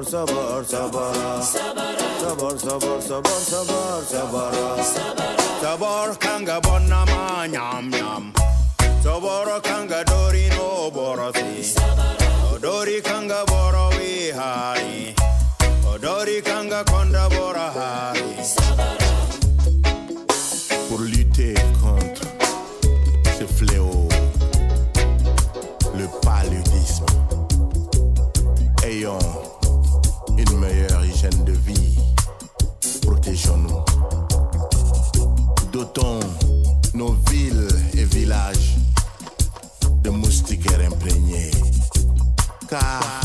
sabar sabar sabar, sabar sabar sabar sabar sabar, sabar kanga bonna ma nyam nyam sabar kanga dori no borosi dori kanga boro wi hari dori kanga konda bora hari et village de moustiquaires imprégnés. Car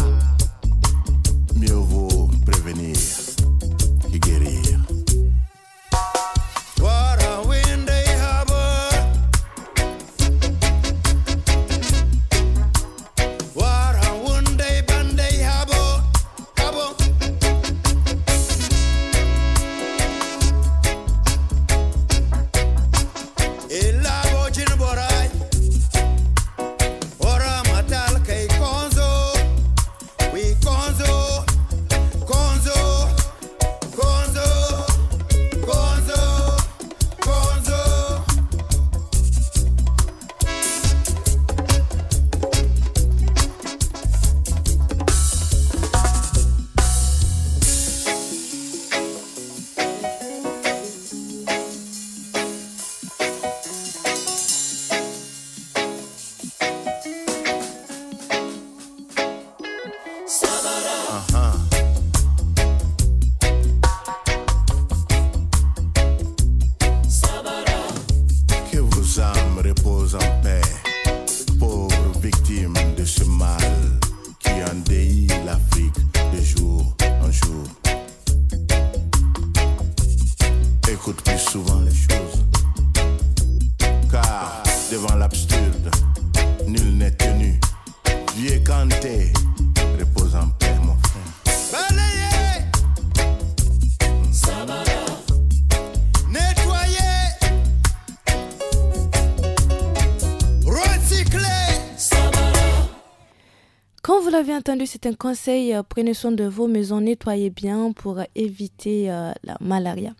c'est un conseil. Prenez soin de vos maisons, nettoyez bien pour éviter euh, la malaria.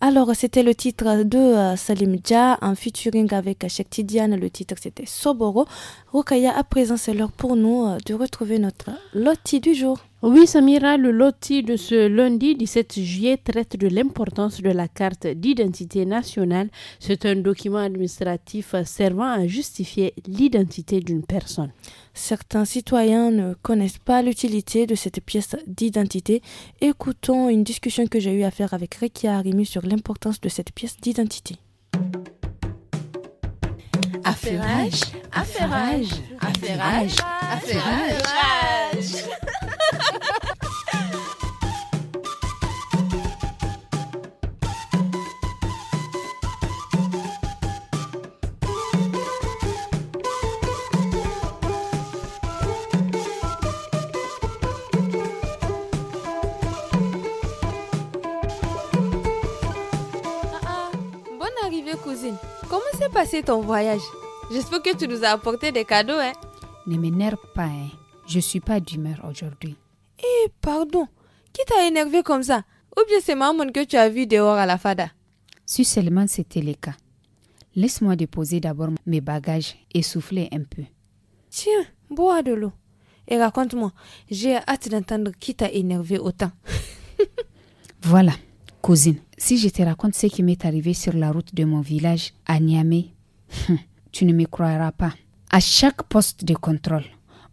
Alors, c'était le titre de euh, Salim Dja en featuring avec Shek euh, Tidiane, Le titre, c'était Soboro. Rokaya, à présent, c'est l'heure pour nous de retrouver notre loti du jour. Oui, Samira, le loti de ce lundi 17 juillet traite de l'importance de la carte d'identité nationale. C'est un document administratif servant à justifier l'identité d'une personne. Certains citoyens ne connaissent pas l'utilité de cette pièce d'identité. Écoutons une discussion que j'ai eu à faire avec Rekia Arimi sur l'importance de cette pièce d'identité. affairage, affairage, affairage. cousine, comment s'est passé ton voyage J'espère que tu nous as apporté des cadeaux, hein Ne m'énerve pas, hein. Je suis pas d'humeur aujourd'hui. Eh, pardon. Qui t'a énervé comme ça Ou bien c'est Maman que tu as vu dehors à la fada Si seulement c'était le cas. Laisse-moi déposer d'abord mes bagages et souffler un peu. Tiens, bois de l'eau. Et raconte-moi, j'ai hâte d'entendre qui t'a énervé autant. *laughs* voilà, cousine si je te raconte ce qui m'est arrivé sur la route de mon village à Niamey, hmm, tu ne me croiras pas. À chaque poste de contrôle,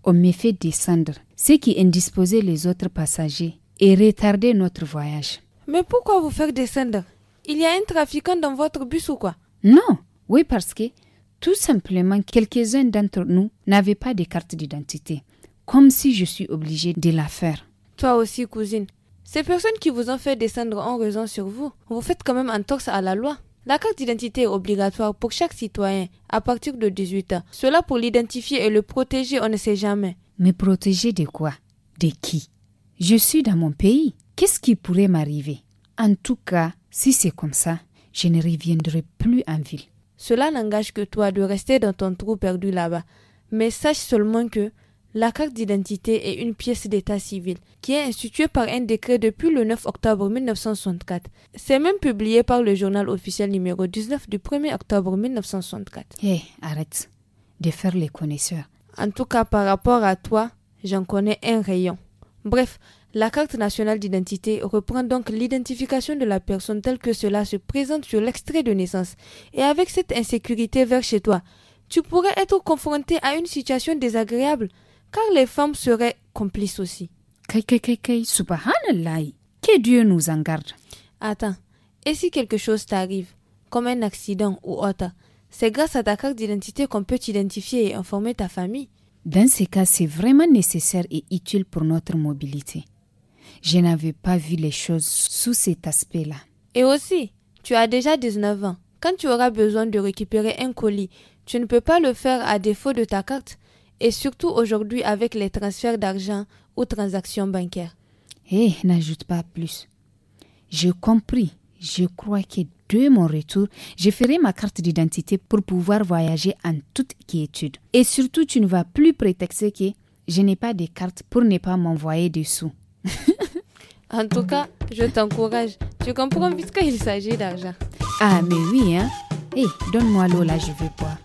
on me fait descendre, ce qui indisposait les autres passagers et retardait notre voyage. Mais pourquoi vous faire descendre Il y a un trafiquant dans votre bus ou quoi Non, oui parce que tout simplement quelques-uns d'entre nous n'avaient pas de carte d'identité, comme si je suis obligée de la faire. Toi aussi, cousine, ces personnes qui vous ont fait descendre en raison sur vous, vous faites quand même un torse à la loi. La carte d'identité est obligatoire pour chaque citoyen à partir de 18 ans. Cela pour l'identifier et le protéger, on ne sait jamais. Mais protéger de quoi De qui Je suis dans mon pays. Qu'est-ce qui pourrait m'arriver En tout cas, si c'est comme ça, je ne reviendrai plus en ville. Cela n'engage que toi de rester dans ton trou perdu là-bas. Mais sache seulement que la carte d'identité est une pièce d'état civil qui est instituée par un décret depuis le 9 octobre 1964. C'est même publié par le journal officiel numéro 19 du 1er octobre 1964. Hé, arrête de faire les connaisseurs. En tout cas, par rapport à toi, j'en connais un rayon. Bref, la carte nationale d'identité reprend donc l'identification de la personne telle que cela se présente sur l'extrait de naissance. Et avec cette insécurité vers chez toi, tu pourrais être confronté à une situation désagréable car les femmes seraient complices aussi. que Dieu nous en garde. Attends, et si quelque chose t'arrive, comme un accident ou autre, c'est grâce à ta carte d'identité qu'on peut t'identifier et informer ta famille. Dans ces cas, c'est vraiment nécessaire et utile pour notre mobilité. Je n'avais pas vu les choses sous cet aspect-là. Et aussi, tu as déjà 19 ans. Quand tu auras besoin de récupérer un colis, tu ne peux pas le faire à défaut de ta carte et surtout aujourd'hui avec les transferts d'argent ou transactions bancaires. Hé, eh, n'ajoute pas plus. J'ai compris. Je crois que de mon retour, je ferai ma carte d'identité pour pouvoir voyager en toute quiétude. Et surtout, tu ne vas plus prétexter que je n'ai pas de carte pour ne pas m'envoyer des sous. *laughs* en tout cas, je t'encourage. Tu comprends qu'il s'agit d'argent. Ah, mais oui, hein. Hé, eh, donne-moi l'eau là, je veux boire.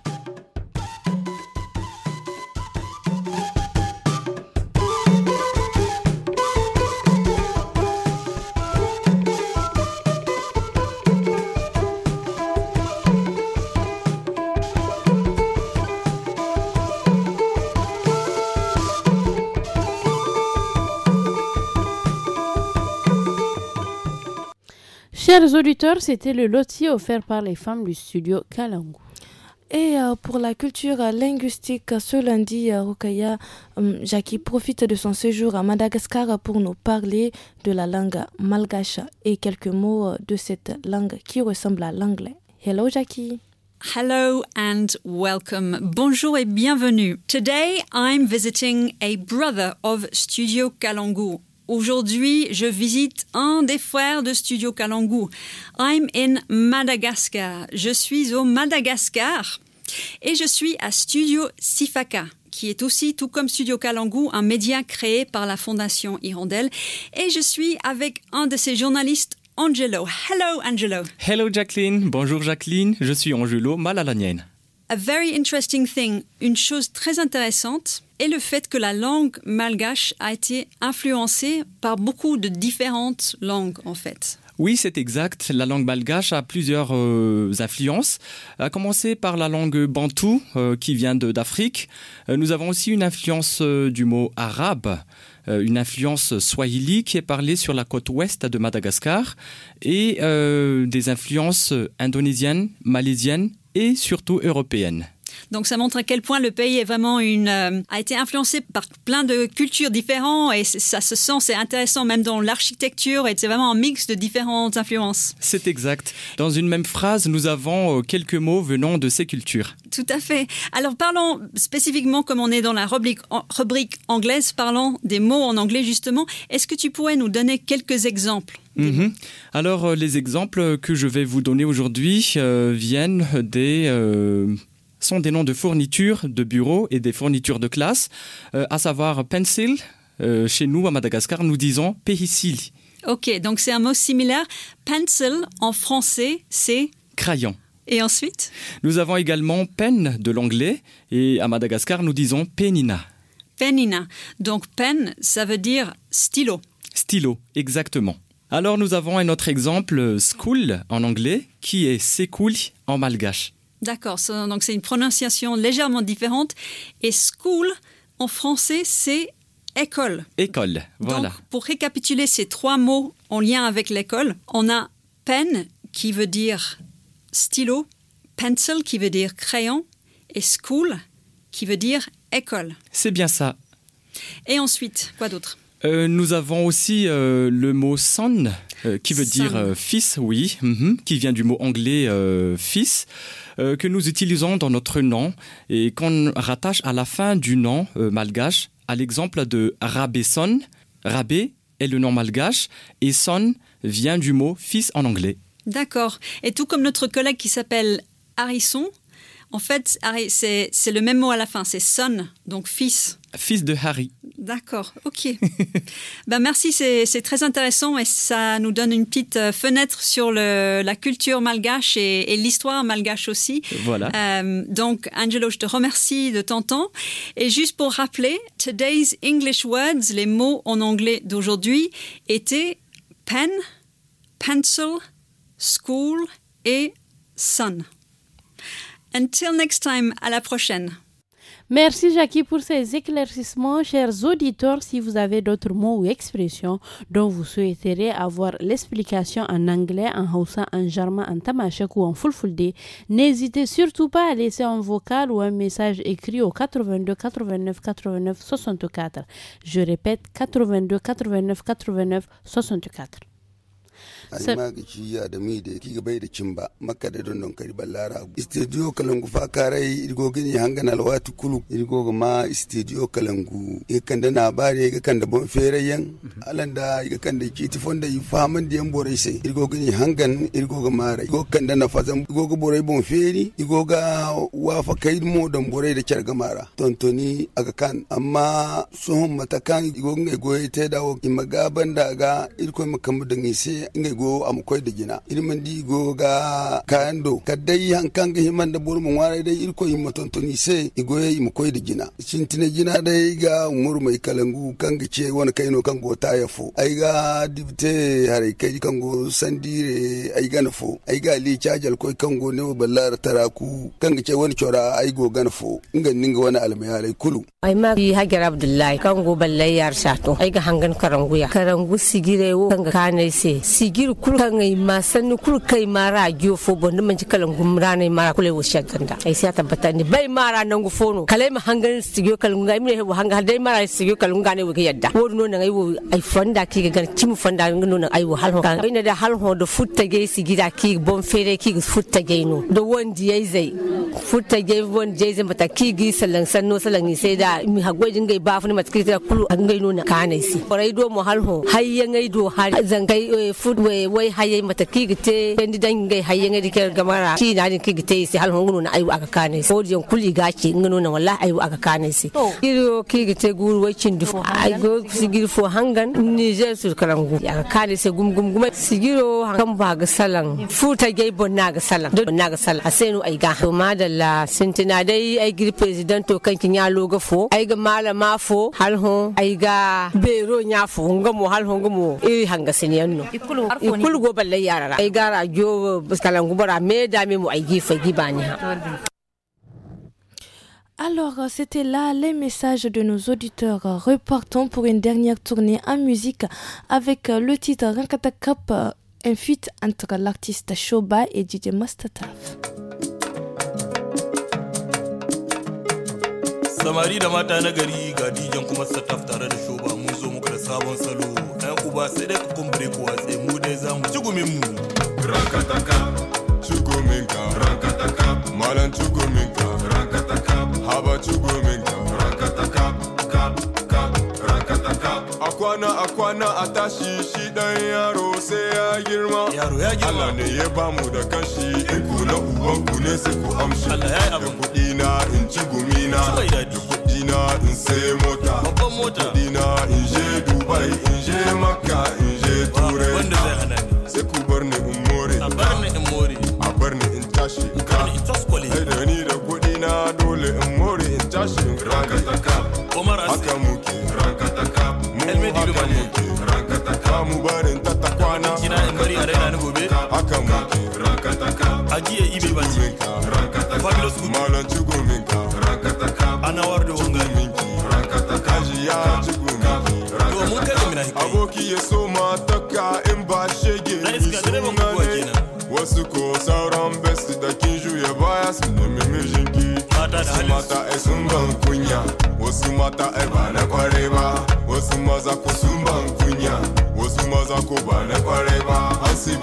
Chers auditeurs, c'était le loti offert par les femmes du studio Kalangu. Et euh, pour la culture euh, linguistique, ce lundi, euh, Rukaya Jackie profite de son séjour à Madagascar pour nous parler de la langue malgache et quelques mots de cette langue qui ressemble à l'anglais. Hello Jackie! Hello and welcome. Bonjour et bienvenue. Today I'm visiting a brother of Studio Kalangu, Aujourd'hui, je visite un des frères de Studio Kalangu. I'm in Madagascar. Je suis au Madagascar et je suis à Studio Sifaka qui est aussi, tout comme Studio Kalangu, un média créé par la Fondation Hirondelle. Et je suis avec un de ses journalistes, Angelo. Hello, Angelo. Hello, Jacqueline. Bonjour, Jacqueline. Je suis Angelo Malalanienne. A very interesting thing. Une chose très intéressante et le fait que la langue malgache a été influencée par beaucoup de différentes langues en fait. Oui, c'est exact. La langue malgache a plusieurs euh, influences, à commencer par la langue bantoue euh, qui vient d'Afrique. Euh, nous avons aussi une influence du mot arabe, une influence swahili qui est parlée sur la côte ouest de Madagascar et des influences indonésiennes, malaisiennes et surtout européennes. Donc ça montre à quel point le pays est euh, a été influencé par plein de cultures différentes et ça se sent, c'est intéressant même dans l'architecture et c'est vraiment un mix de différentes influences. C'est exact. Dans une même phrase, nous avons euh, quelques mots venant de ces cultures. Tout à fait. Alors parlons spécifiquement, comme on est dans la rubrique, anglaise, parlons des mots en anglais justement. Est-ce que tu pourrais nous donner quelques exemples mhm. Alors, euh, les exemples que je vais vous donner aujourd'hui viennent des sont des noms de fournitures de bureaux et des fournitures de classe, euh, à savoir pencil. Euh, chez nous, à Madagascar, nous disons pehicili. Ok, donc c'est un mot similaire. Pencil, en français, c'est Crayon. Et ensuite Nous avons également pen de l'anglais et à Madagascar, nous disons penina. Penina. Donc pen, ça veut dire stylo. Stylo, exactement. Alors nous avons un autre exemple, euh, school en anglais, qui est sekul en malgache. D'accord, donc c'est une prononciation légèrement différente. Et school, en français, c'est école. École, voilà. pour récapituler ces trois mots en lien avec l'école, on a pen qui veut dire stylo, pencil qui veut dire crayon et school qui veut dire école. C'est bien ça. Et ensuite, quoi d'autre euh, nous avons aussi euh, le mot son, euh, qui veut dire fils, oui, mhm, qui vient du mot anglais fils, que nous utilisons dans notre nom et qu'on rattache à la fin du nom malgache, à l'exemple de rabé Rabé est le nom malgache et son vient du mot fils en anglais. D'accord. Et tout comme notre collègue qui s'appelle Harrison, en fait, c'est le même mot à la fin, c'est son, donc fils fils de Harry. D'accord, ok. *laughs* ben merci, c'est très intéressant et ça nous donne une petite euh, fenêtre sur la culture malgache et, l'histoire malgache aussi. Voilà. Euh, donc, Angelo, je te remercie de ton temps. Et juste pour rappeler, today's English words, les mots en anglais d'aujourd'hui, étaient pen, pencil, school et sun. Until next time, à la prochaine. Merci Jackie pour ces éclaircissements. Chers auditeurs, si vous avez d'autres mots ou expressions dont vous souhaiterez avoir l'explication en anglais, en haussa, en german, en tamashek ou en fulfulde, n'hésitez surtout pas à laisser un vocal ou un message écrit au 82 89 89 64. Je répète 82 89 89 64. an ma ga shi ya da mi da ki bai da cin ba makka da don don kari ballara studio kalangu fa karai irgo gini hangan alwatu kulu irgo ga ma studio kalangu e kan da na ba bare ga kan da bon ferayen mhm. alan da ga kan da ki tifon da faman da yan borai sai irgo gini hangan irgo ga mara irgo kan da na fazan irgo ga borai bon fere. irgo ga wafa kai mo don borai da kyar gamara tontoni aga kan amma sun matakan irgo ga goye ta dawo imagaban da ga irko makamu da ngise ngai digo am koy da jina irman digo ga kayan do kadai hankan ga himan da burmun ware dai irko himma tontoni se igoye mu koy da jina cintine gina dai ga umur mai kalangu kan ga ce wani kaino kan go ta yafo ai ga dibte hare kai kan go sandire ai ga nafo ai ga li chajal koy kan go ne ballar taraku kan ga ce wani chora ai go ga nafo ingan ninga wani almayare kulu ai ma yi hagar abdullahi kan go ballai yar sato ai ga hangan karangu ya karangu sigire wo kan ga kanai se sigir kul kul kan ngai ma sannu kul kai ma radio fo bon man ci kalan gum rana ma kule wo shaganda ai sai tabbata bai ma ranan gu fono kalai ma hangarin sigiyo kalun ngai mire wo hanga dai ma ra sigiyo kalun ngane wo yadda wo no nan ai wo ai fanda ki gan timu fanda no nan ai wo hal ho bai da hal do futta ge sigida ki bon fere ki futta ge no do wondi ai zai futta ge bon je zai mata ki gi salan sanno salan ni sai da mi hagwajin gai ba funi matkita kulu an gai no nan kanai si orai do mo halho ho hayyan gai do zangai eh, food way eh, way haye mata kigite ndi dangai haye ngadi kel gamara ki nani kigite si hal hongunu na ayu aka kane so di kuli gachi ngunu na wallahi ayu aka kane si oh. iro kigite guru way cindi oh, ay go sigir fo hangan ni niger sur ngu aka kane se gum gum gum sigiro hankam ba ga salan futa gay bonna ga salan do na ga salan asenu ay ga to madalla sintina dai ay gir president to kanki nyalo ga fo ay ga mala ma fo hal hon ay ga bero nya fo ngamo hal hon ngamo iri hanga siniyanno ikulu ikul go balle yarara ay gara jo baskalan gubara me da me mu ai gifa gibani ha alors, c'était là les messages de nos auditeurs. Repartons pour une dernière tournée en musique avec le titre Rankata Cup, euh, un feat entre l'artiste Shoba et DJ Mastataf. samari da mata na gari ga dijan kuma sa tare da shoba mun zo muka da sabon salo ɗan uba sai dai kumbure ko watse mu zangu chukume mungu rakataka chukuminka rakataka malan chukuminka rakataka haba chukuminka rakataka ka kap rakataka akwana akwana atashi shi dan yaro sai ya girma yaro ya girma Ala ne ya bamu da kashi in ku na uban ku ne sai ku amshi Allah ya yi abin kuɗi na in ci na kuɗi na in kuɗi na in je ya ture sai ku bar in tashi da dole in in tashi haka muke mu haka muke mu barin haka muke ajiye ibe ba ce sí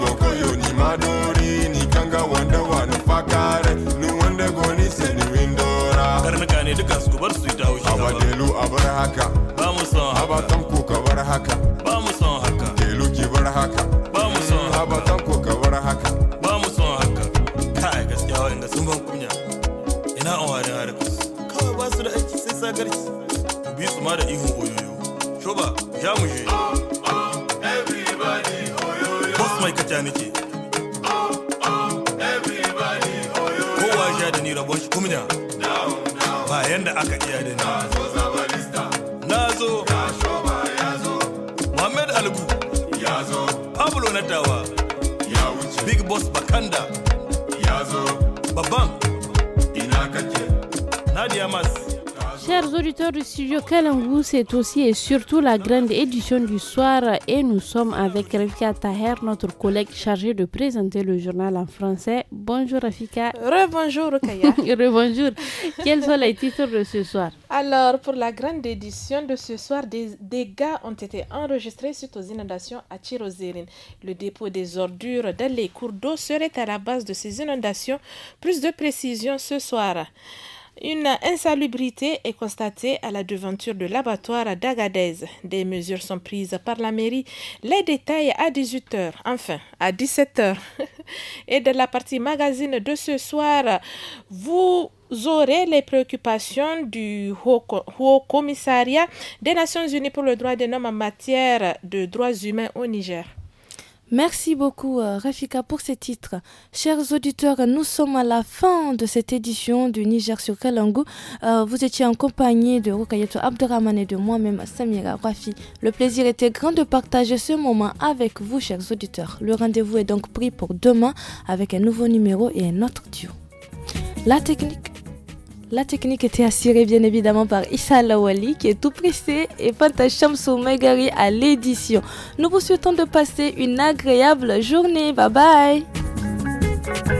Kalangu, c'est aussi et surtout la grande édition du soir et nous sommes avec Rafika Taher, notre collègue chargée de présenter le journal en français. Bonjour Rafika. Rebonjour Kaya. *laughs* Rebonjour. Quels sont les titres de ce soir Alors, pour la grande édition de ce soir, des dégâts ont été enregistrés suite aux inondations à Tirozérine. Le dépôt des ordures dans les cours d'eau serait à la base de ces inondations. Plus de précisions ce soir. Une insalubrité est constatée à la devanture de l'abattoir à Dagadez. Des mesures sont prises par la mairie. Les détails à 18h, enfin à 17h. *laughs* Et de la partie magazine de ce soir, vous aurez les préoccupations du Haut, Commissariat des Nations Unies pour le droit des hommes en matière de droits humains au Niger. Merci beaucoup euh, Rafika pour ces titres. Chers auditeurs, nous sommes à la fin de cette édition du Niger sur Kalangu. Euh, vous étiez en compagnie de Rukayeto Abderrahman et de moi-même Samira Rafi. Le plaisir était grand de partager ce moment avec vous, chers auditeurs. Le rendez-vous est donc pris pour demain avec un nouveau numéro et un autre duo. La technique la technique était assurée bien évidemment par Issa Lawali qui est tout pressé et Pantacham Soumegari à l'édition. Nous vous souhaitons de passer une agréable journée. Bye bye